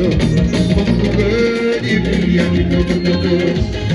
Thank you.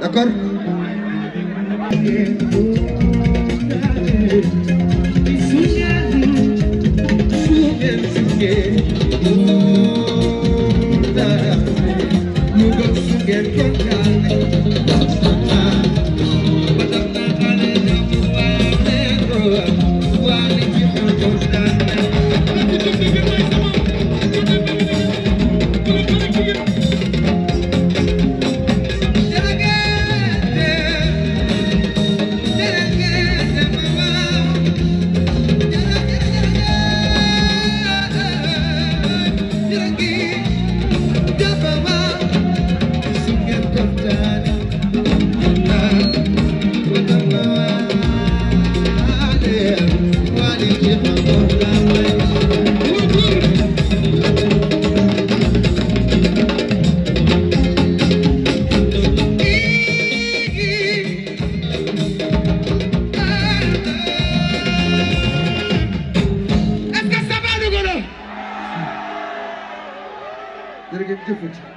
d'accord jërë ngeen jëfati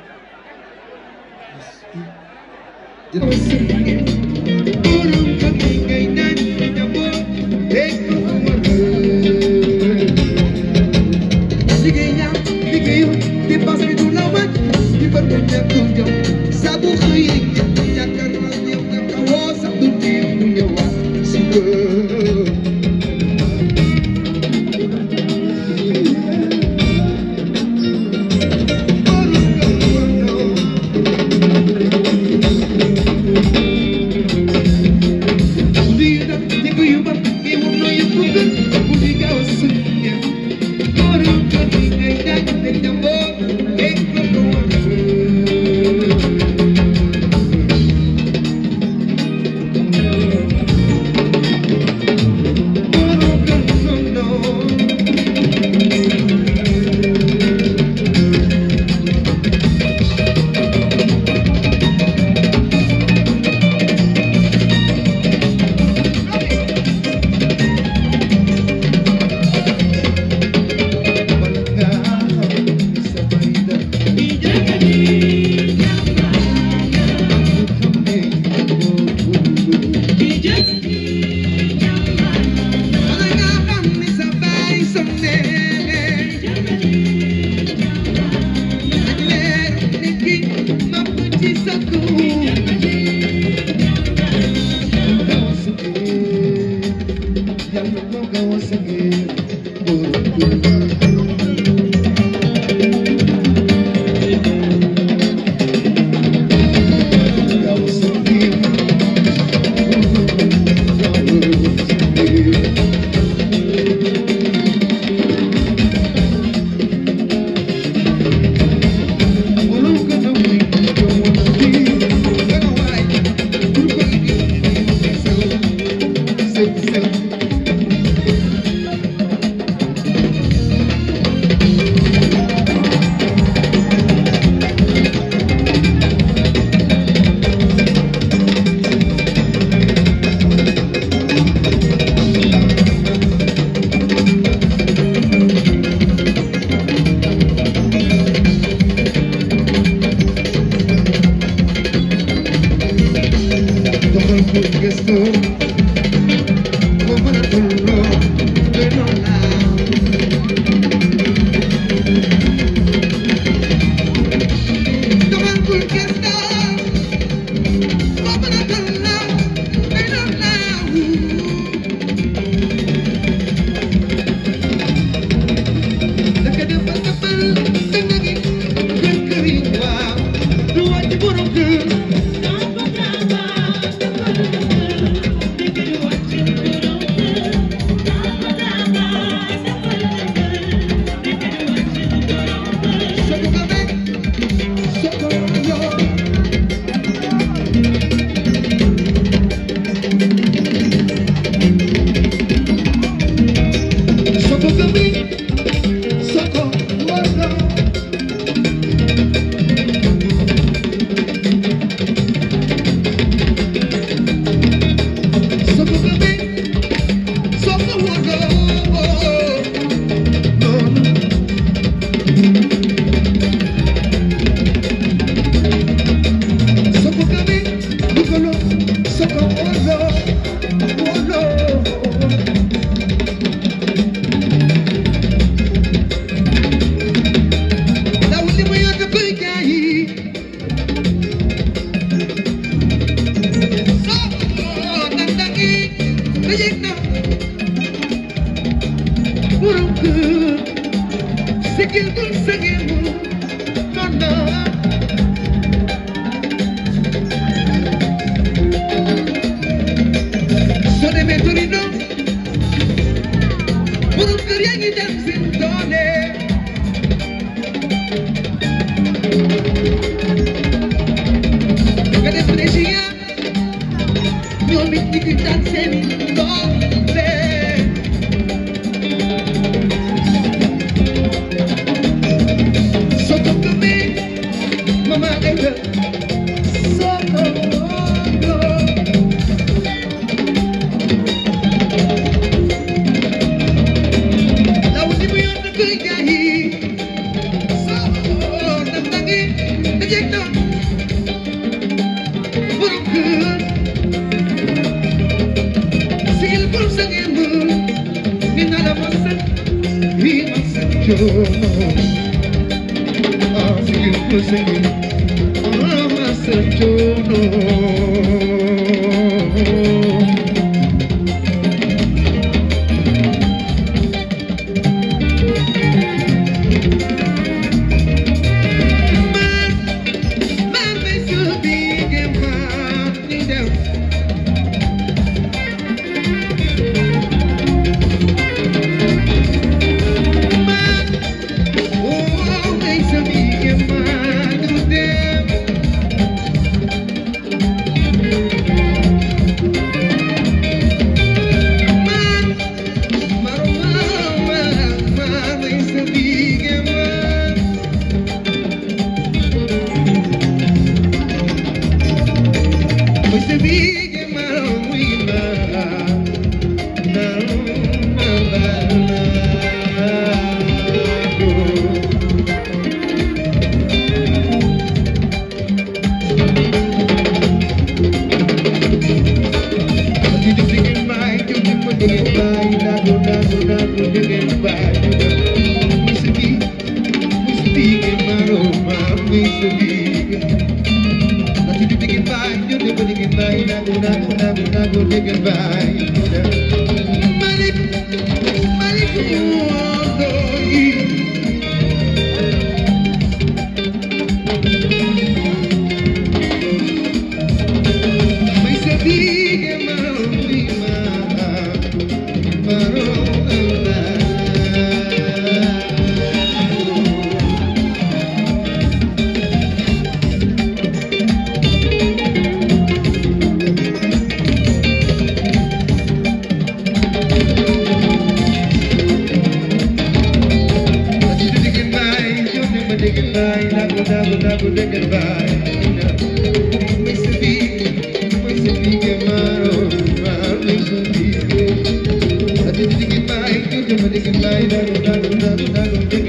day day day day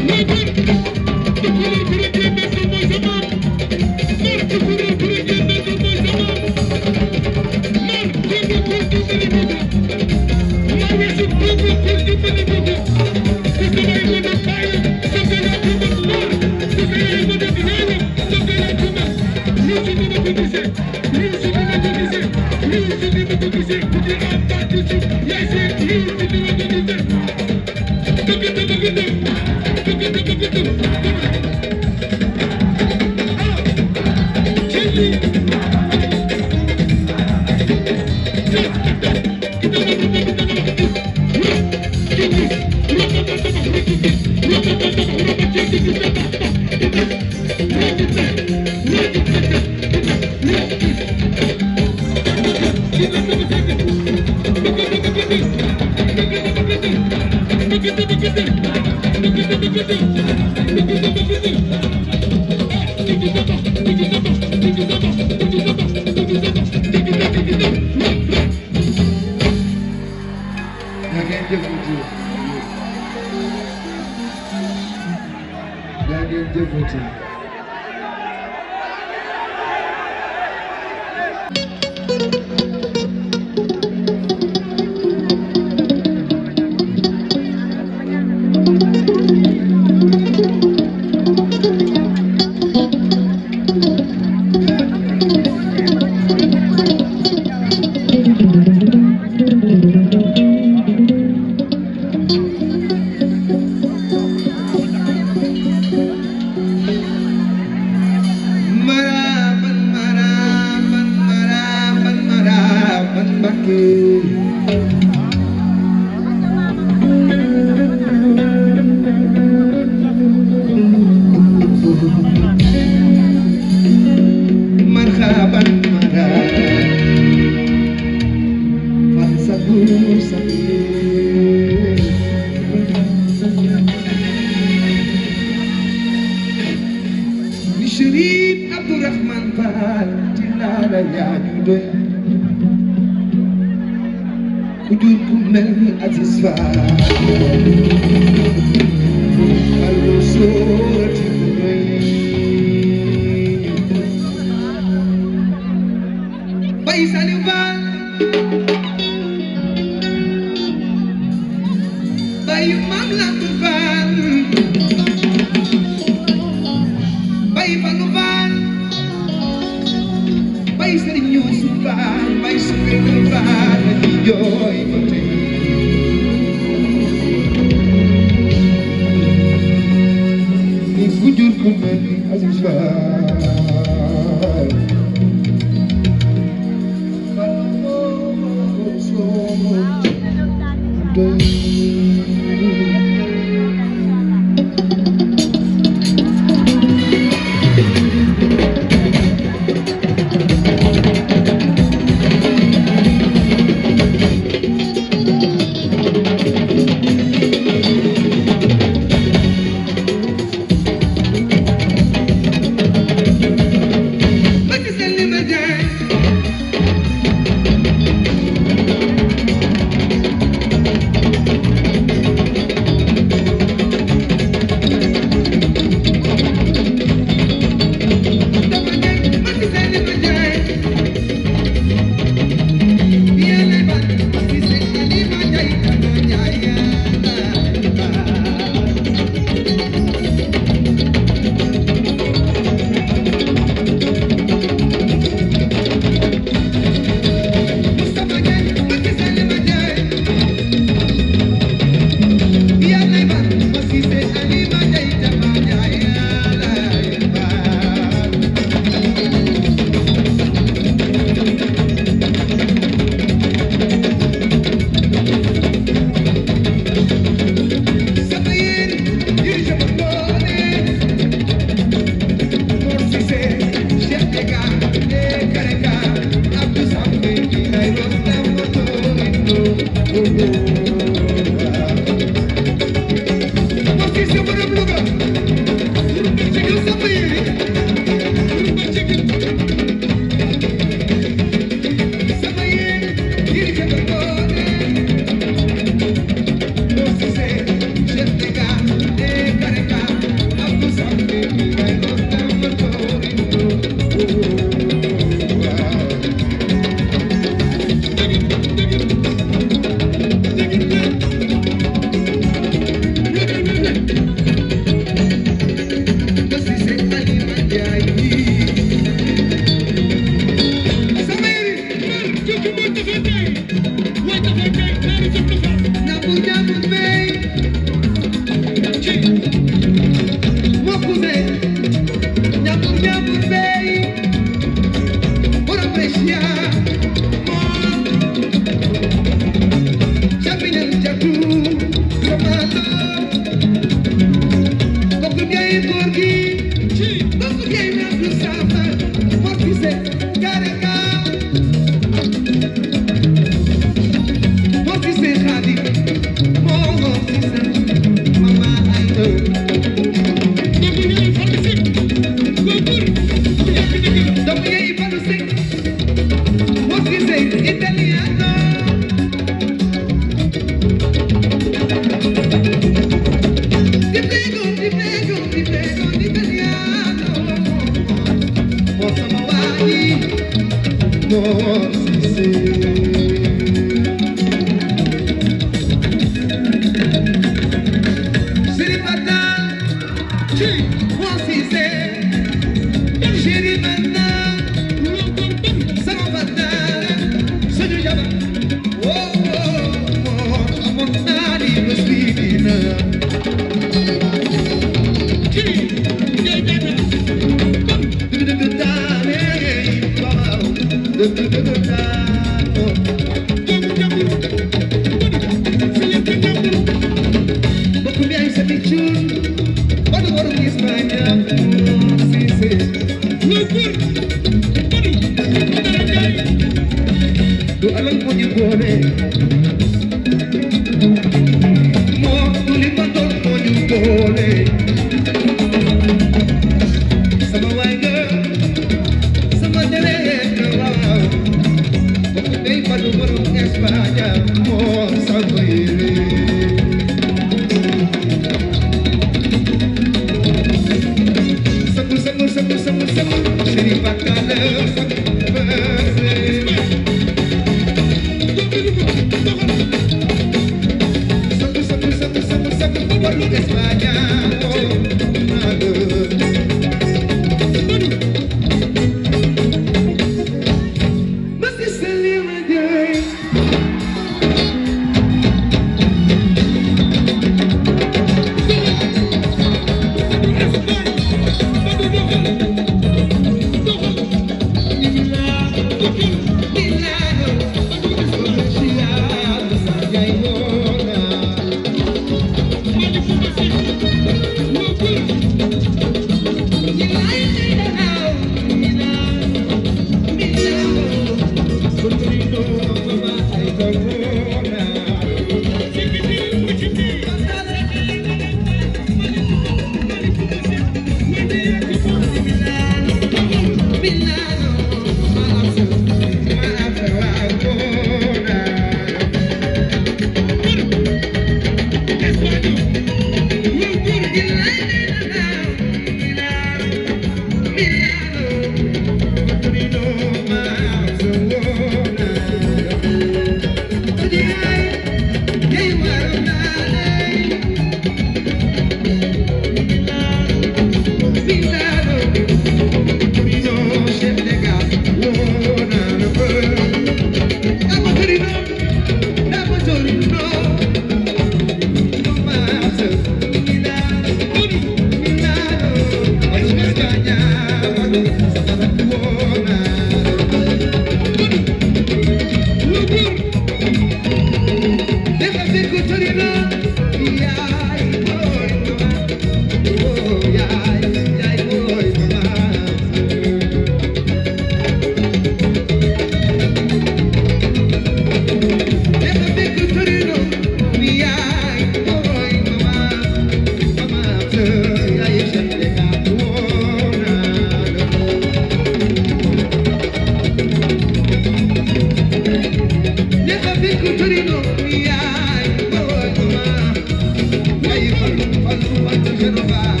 Genova.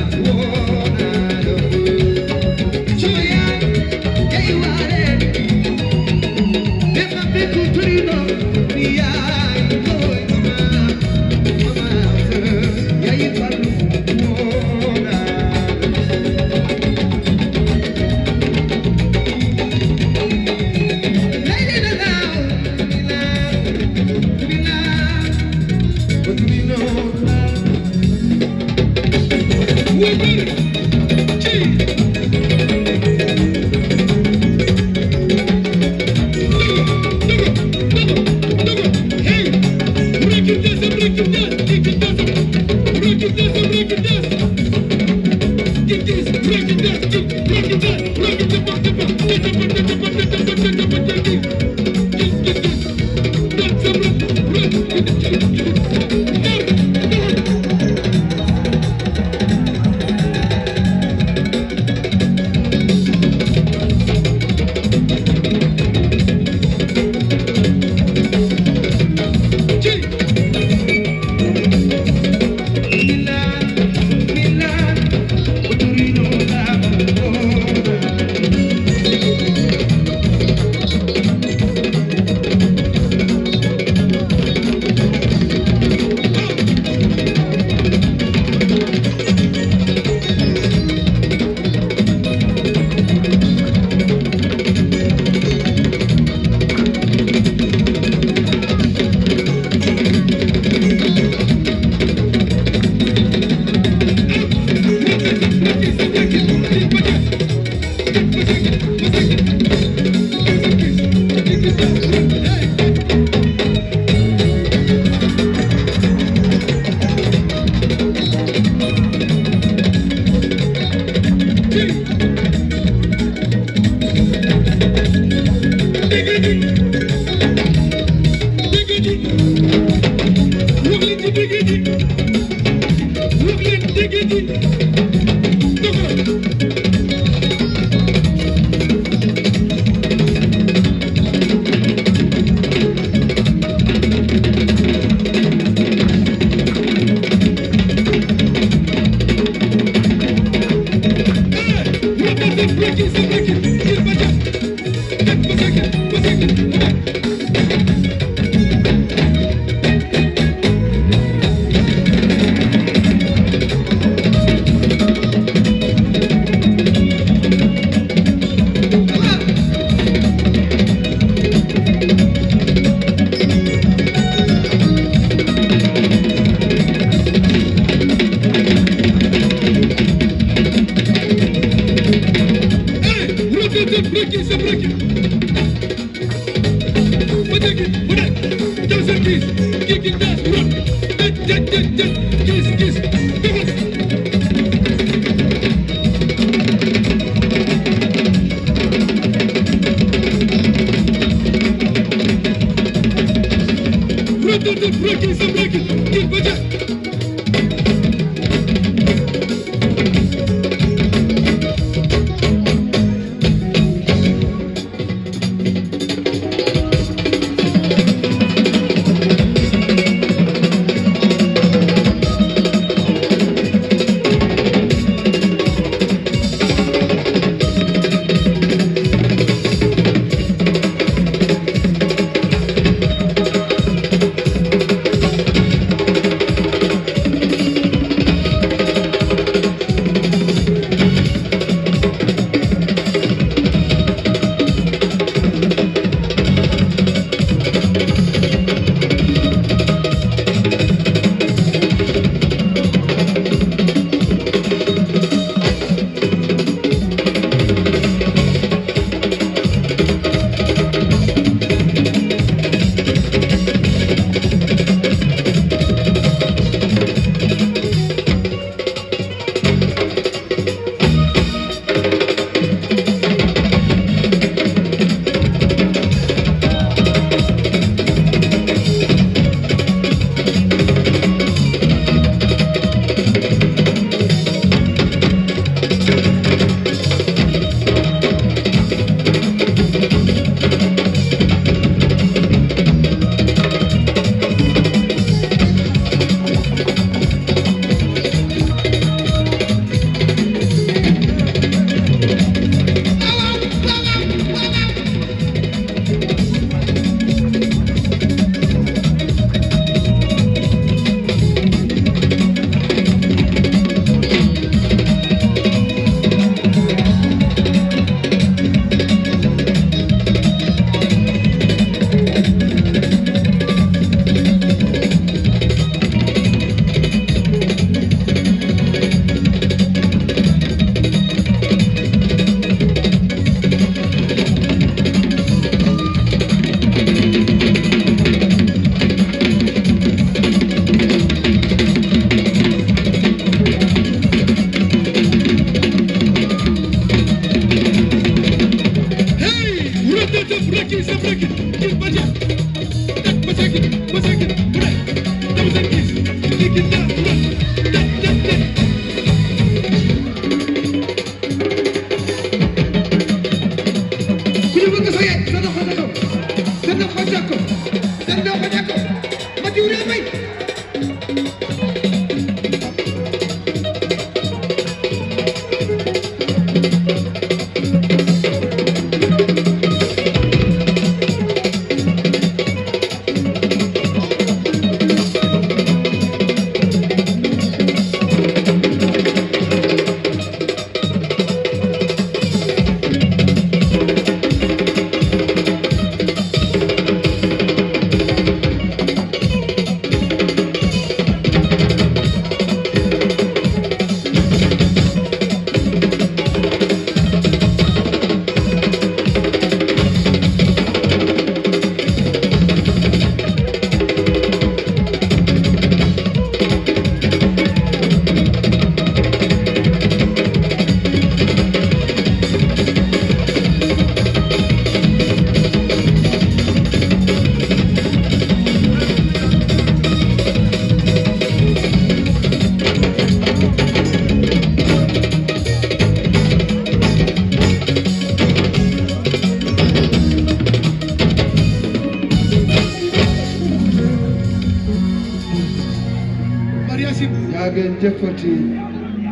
jëfati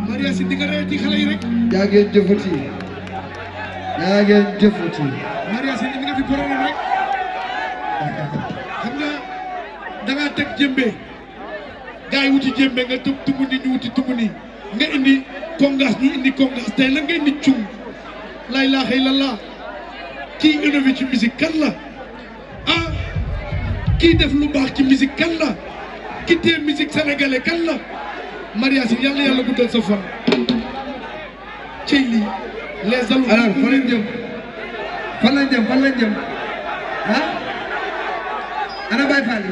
Maria si dinga reeti xale yi rek yaa ngeen jëfati yaa ngeen jëfati Maria si dinga fi problème rek xam nga da teg jëmbe gars wuti jëmbe nga tub tumu ni ñu wuti tumu ni nga indi kongaas ñu indi kongaas tey la nga indi cung la ilaha illallah kii innové ci musique kan la ah kii def lu baax ci musique kan la ki téye musique kan la mariage yi yàlla yàlla guddal sa fan ci lii les alumni fan lañ jëm fan lañ jëm fan lañ jëm ah ana Baye Fall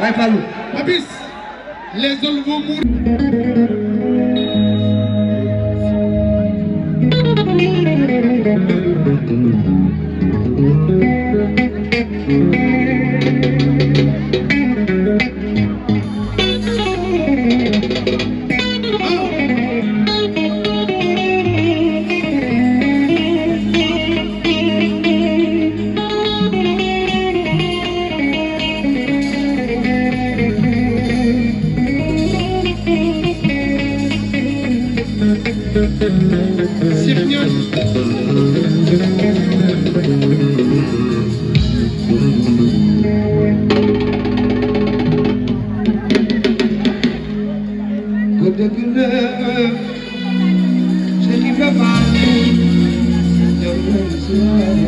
Baye Fallu Papis les alumni Thank you. Yeah.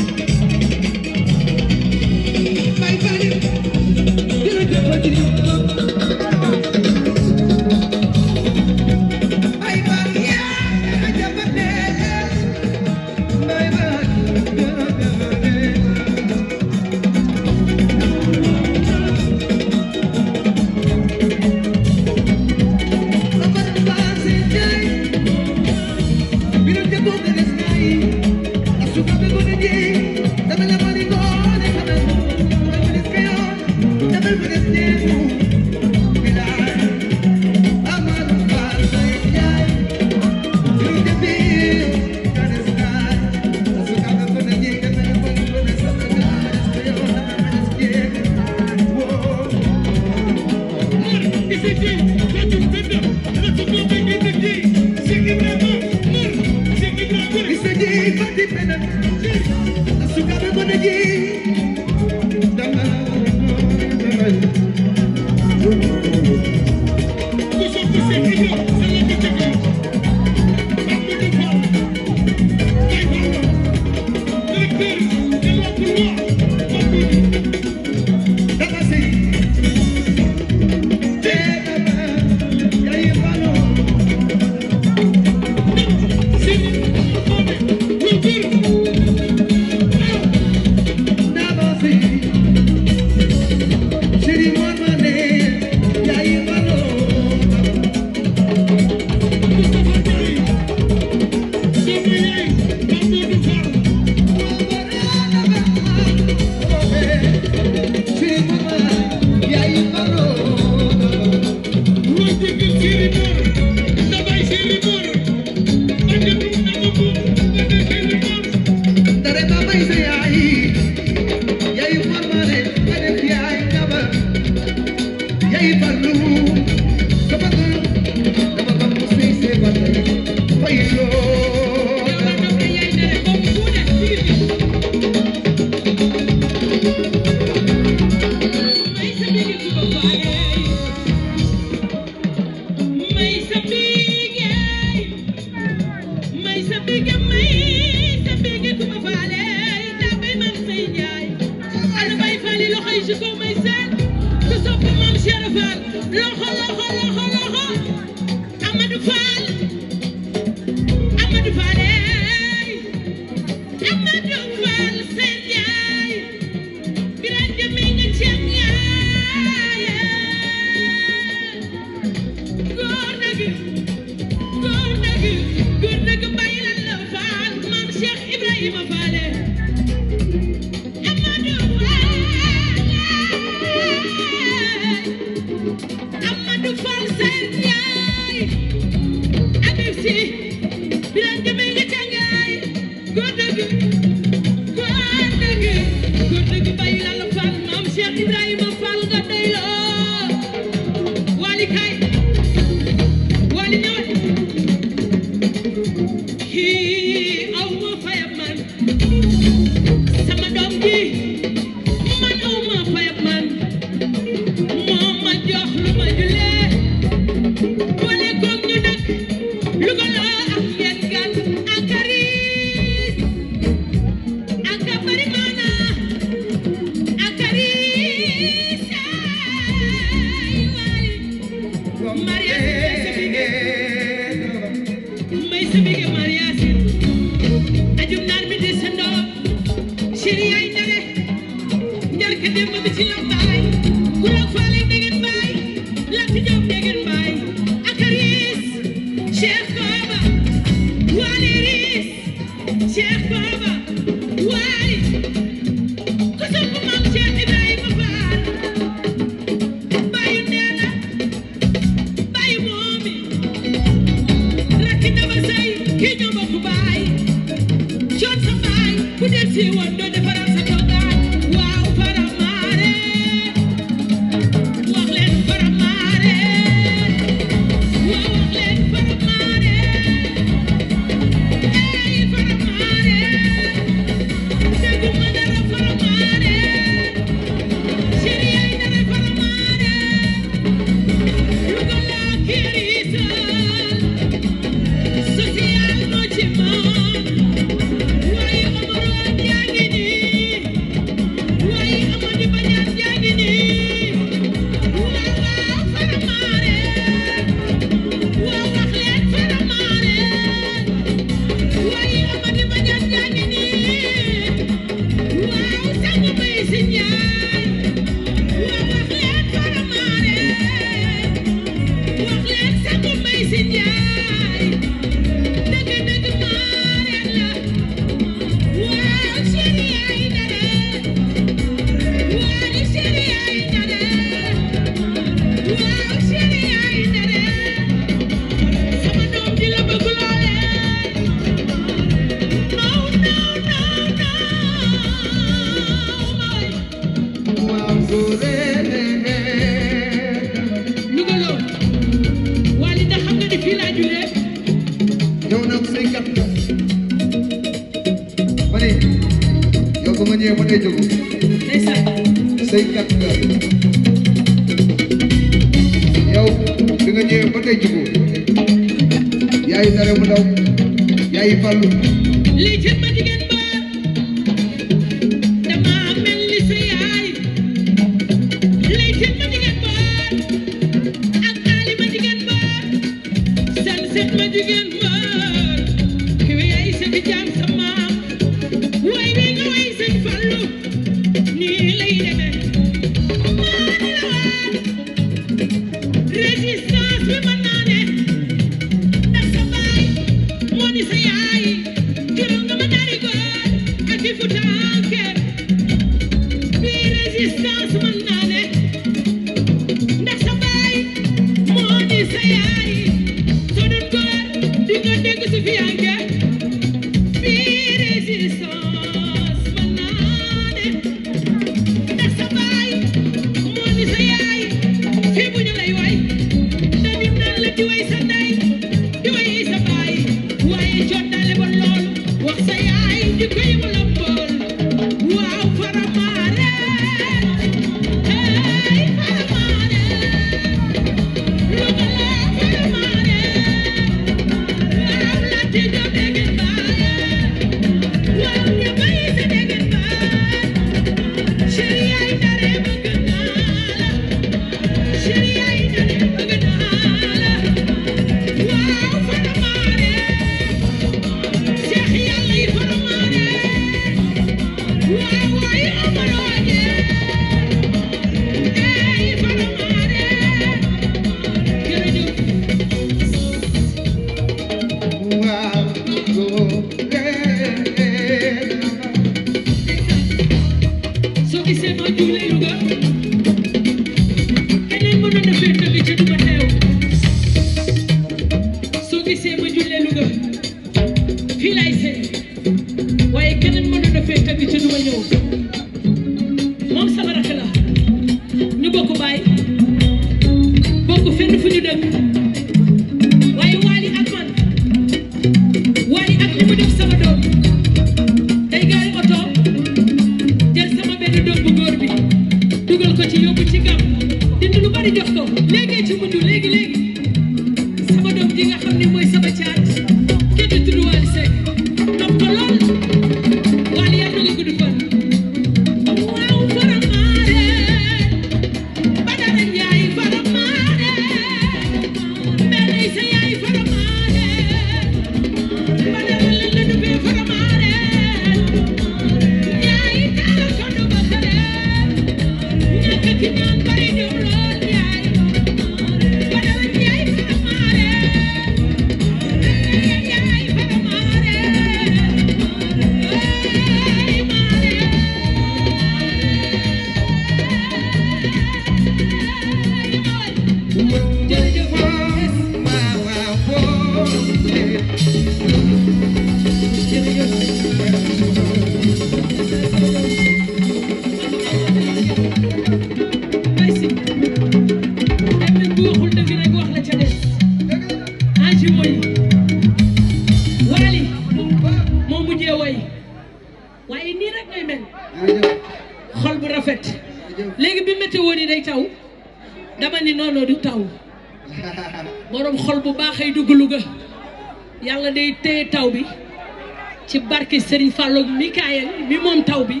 barki Serigne Fallou Mikaël mi moom taw bi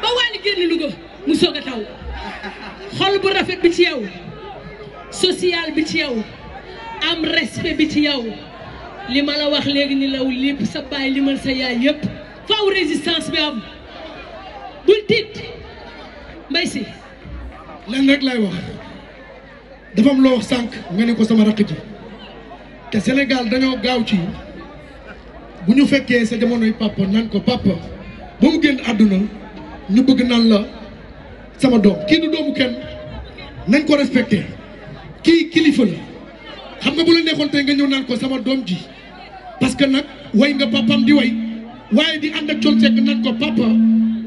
ba Wally génn Louga mu soog taw xol bu rafet bi ci yow social bi ci yow am respect bi ci yow li ma la wax léegi ni law lépp sa baay li man sa yaay yëpp faaw résistance bi am bul tiit mbay si lenn rek lay wax dafa am loo wax sànq nga ne ko sama rakk ji te Sénégal dañoo gaaw ci bu ñu fekkee sa jamonoy papa naan ko papa ba mu génn àdduna ñu bëgg naan la sama doom kii du doomu kenn nañ ko respecté kii kilifa la xam nga bu la neexoon tey nga ñëw naan ko sama doom ji parce que nag way nga papam di way waaye di ànd ak col sekk naan ko papa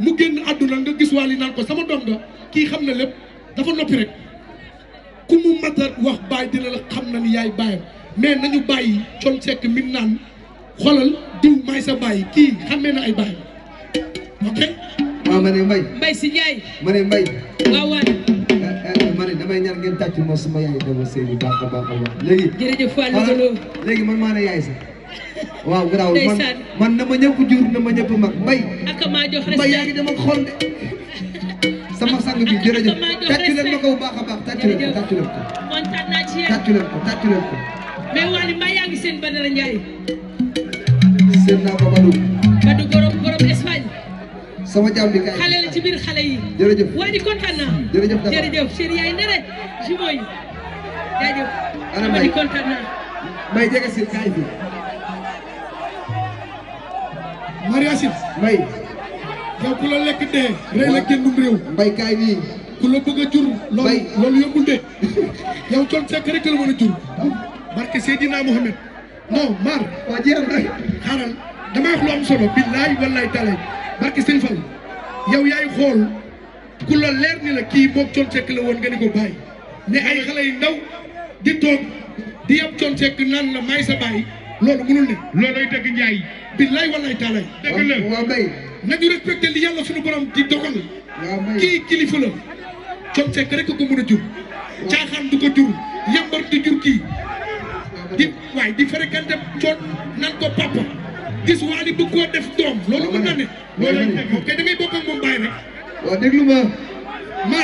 mu génn àdduna nga gis waali naan ko sama doom nga kii xam na lépp dafa noppi rek ku mu mat a wax baay dina la xam na ni yaay baayam mais nañu bàyyi col sekk min naan xoolal diw may sa baay kii xamee na ay baay ok. waaw ah, ma ne Mbaye. Mbaye si Ndiaye. ma ne Mbaye. waaw waay. Eh, eh, ma ne damay ñaan ngeen tàcc ma suma yaay dama sëy bu baax a baax a baax léegi. jërëjëf Fallou léegi man maa ne yaay sa. waaw garaaw man man na ma ñëpp jur na ma ñëpp mag Mbaye. ak maa jox respect Mbaye yaa ngi dama xool de. sama sang bi jërëjëf tàcc leen ma ko bu baax a baax tàcc leen ko tàcc leen ko. kontaan naa ci yéen tàcc leen ko tàcc leen ko. mais Waly Mbaye yaa ngi seen Badara Ndiaye. seen naa ko Badou. Badou borom borom Espagne. sama jàmm di kaay xale la di kontaan naa. jërëjëf dama yi jaajëf. ana may di kontaan si may. yow ku la lekk dee. rey la génnum réew. mbay kaay bi. ku la bëgg a jur. loolu loolu yombul de. yow kon sekk rek la mën a barke Seydina Mohamed. non mar waa jeexal na xaaral dama wax lu am solo billaay wallaay taalaay barki sëñ Fall yow yaay xool ku la leer ni la kii moog Thione Seck la woon nga ni ko bàyyi ne ay xale yu ndaw di toog di yab Thione Seck naan la may sa bàyyi loolu mënul ne looloy dëgg njaay billaay wallaay taalaay dëgg la waaw may nañu respecté li yàlla suñu borom di dogal kii kilifa la Thione Seck rek ko mën a jur caaxaan du ko jur yambar di jur kii di waaye di fréquenté coon nan papa gis waa li koo def doom loolu mën na ne. loolu moom kay damay bokk ak moom bàyyi rek. waaw déglu ma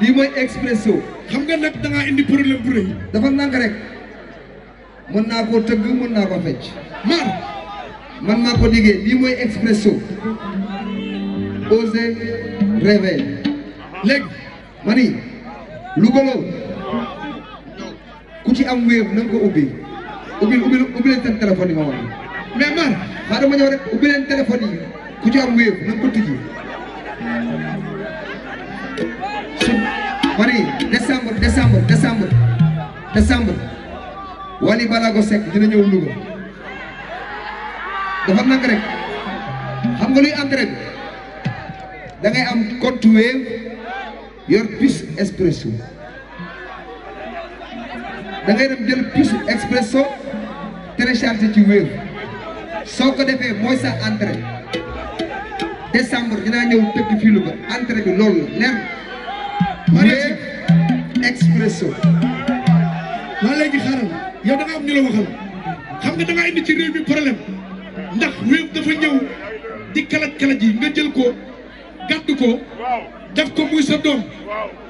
lii mooy expresso. xam nga nag da ngaa indi problème bu rëy. dafa nànk rek mën naa koo tëgg mën naa ko fecc. Mar maa ko liggéey lii mooy expresso oser rêver léegi ma ni ku ci am wéew na nga ko ubbi ubbi ubbi ubbi leen seen téléphone yi ma mais man xaaral ma mañoo rek ubbi leen téléphone ku ci am wéew na ko tijji. wari décembre décembre décembre décembre Wally Ballago Seck dina ñëw Louga dafa nang rek xam nga luy engrais bi am compte Wave yor puce Expresso dangay ngay dem jël puce expresso téléchargé ci Wave soo ko defee mooy sa entrée décembre dinaa ñëw tëgg fii Louga entrée bi loolu la leer Wave expresso waa léegi xaaral yow da nga am ñu la waxal xam nga da indi ci réew mi problème ndax Wave dafa ñëw di kalaj kalaj yi nga jël ko gàdd ko def ko muy sa doom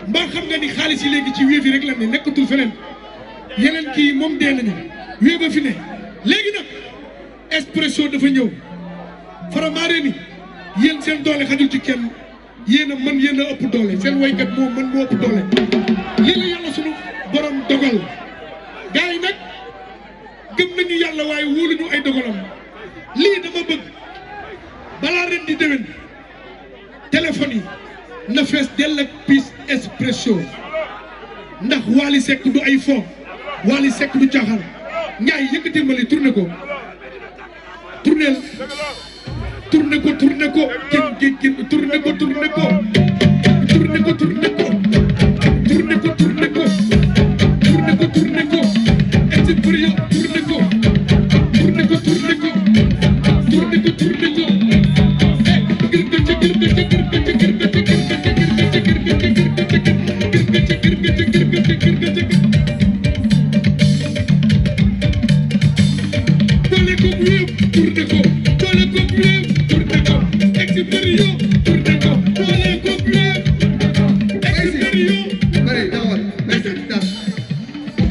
mbaa xam nga ni xaalis yi léegi ci Wave yi rek la ne nekkatul feneen yeneen kii moom dee nañu wii ba fi ne léegi nag expression dafa ñëw faramaare ni yéen seen doole xajul ci kenn yéen a mën yéen a ëpp doole seen waykat moo mën moo ëpp doole lii la yàlla sunu borom dogal gars yi nag gëm nañu yàlla waaye wóoluñu ay dogalam lii dama bëgg balaa ren di déwén téléphone yi na fees dell ak piis expression ndax Wally du ay fo Wally Seck du caaxaan Ndiaye yëkkatil ma li tourné ko tourné tourné ko tourné ko kenn kenn kenn tourné ko tourné ko tourné ko tourné ko tourné ko tourné ko tourné ko tourné ko et brio tourné ko tourné ko tourné ko tourné ko tourné ko Thank you. tourné ko doole ko bleu tourné ko experio tourné ko doole ko bleu experio bari dawal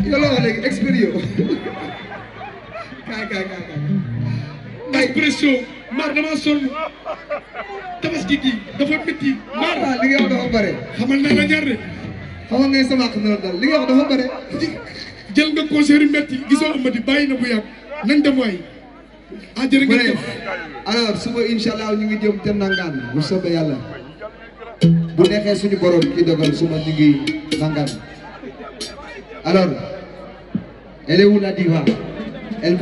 yo loolu léegi experio kaay kaay kaay kaay pression mar dama sonn tabaski gi dafa métti mar li nga wax dafa bare xamal naa la ñaar de xamal ngay sama ak na dal li nga wax dafa bare jël nga conseil yu métti gisoo amati bàyyi na bu yàgg nañ dem waay ah jërë ngeen jëf alors ñu ngi jëm te nangaan bu soobee yàlla bu neexee suñu borom ki dogal suba ñu ngi nangaan alors elle est où la diva elle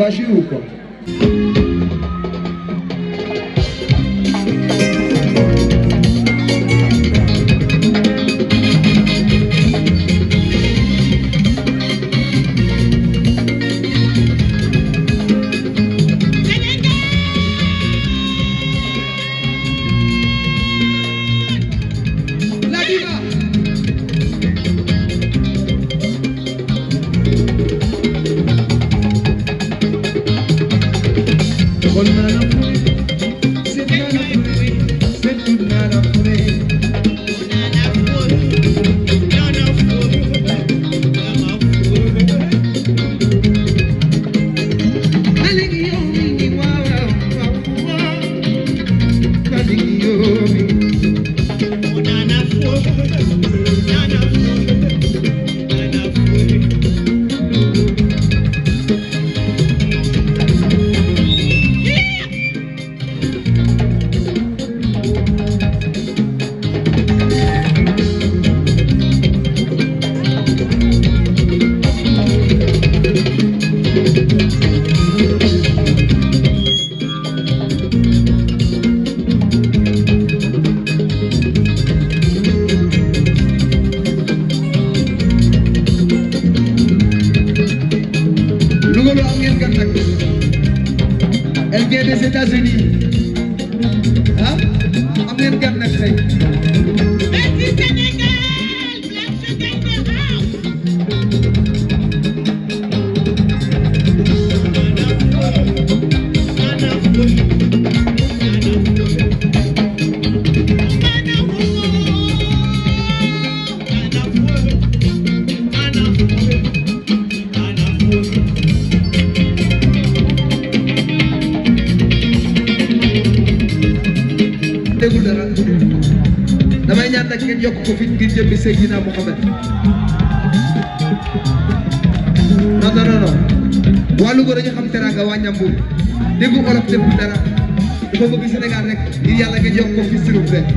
bëgg Sénégal rek ngir yàlla nga yokk ko fi sirub rek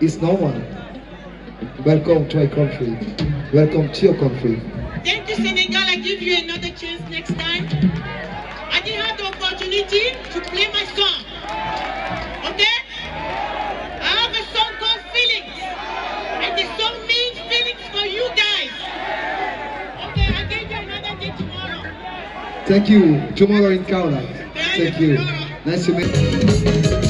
is no one. Welcome to country. Welcome to your country. Thank Senegal. I give you another chance next time. I didn't have the opportunity to play my song. Okay? I have a song called Feelings. And the song means feelings for you guys. Okay, I'll get another day Thank you. Tomorrow in Kaula. Thank you. Tomorrow. Nice to meet you.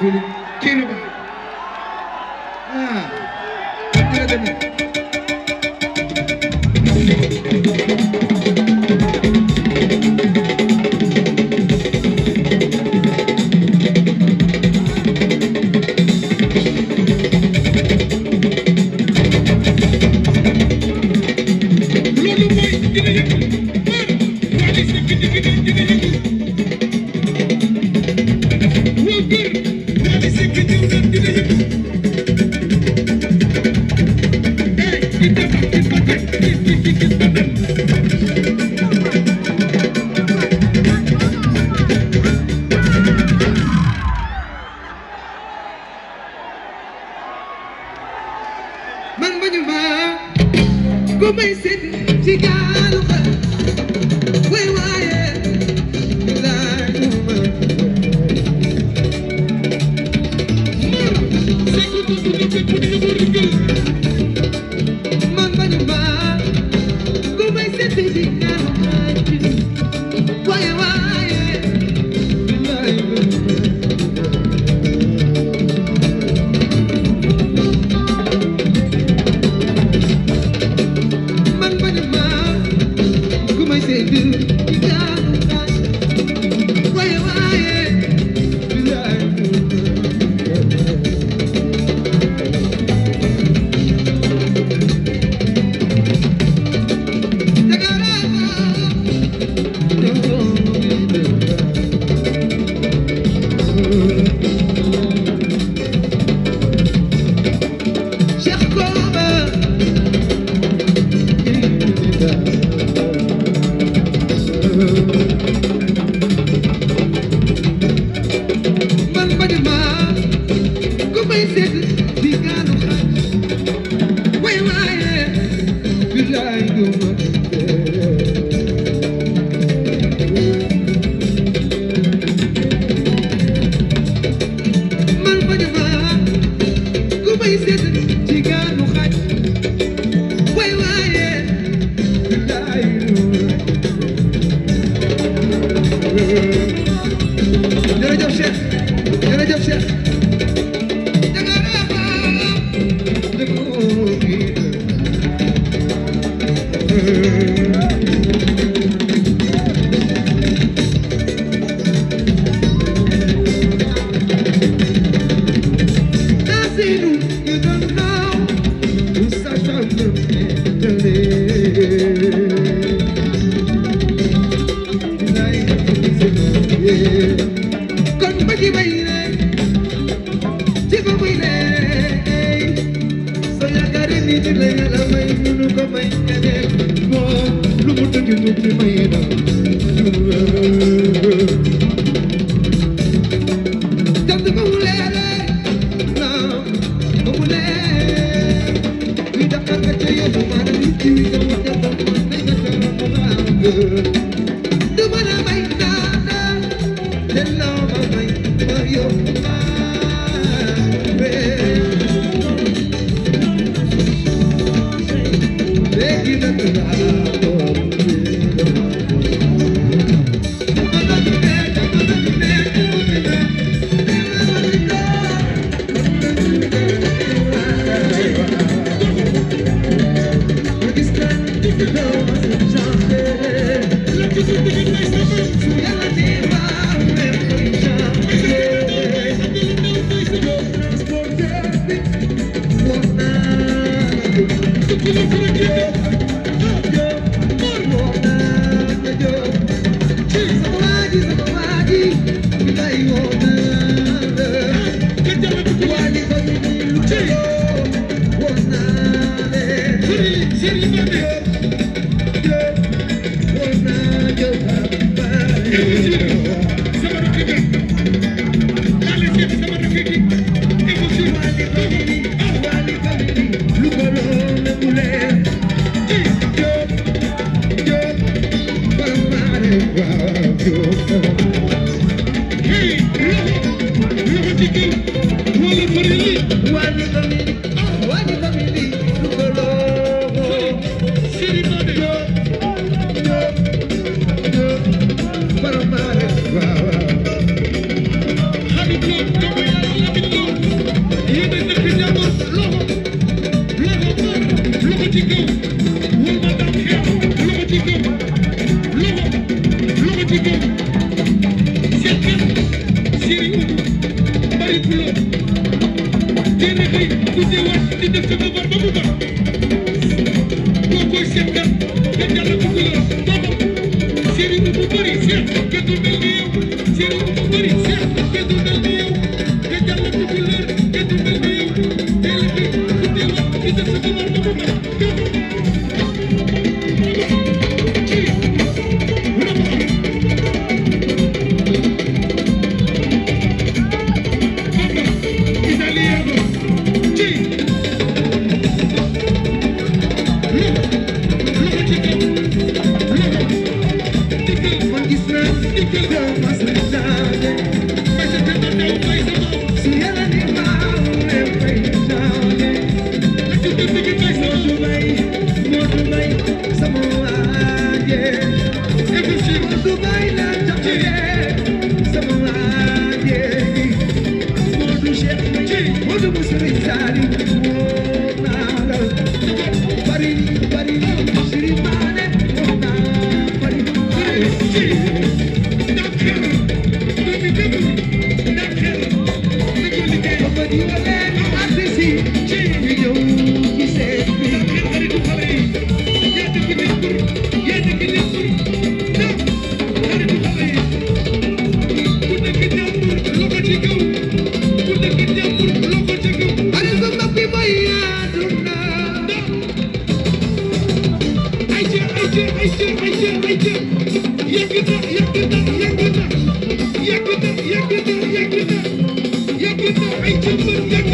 Philippe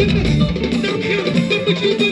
Don't kill, don't kill, don't kill,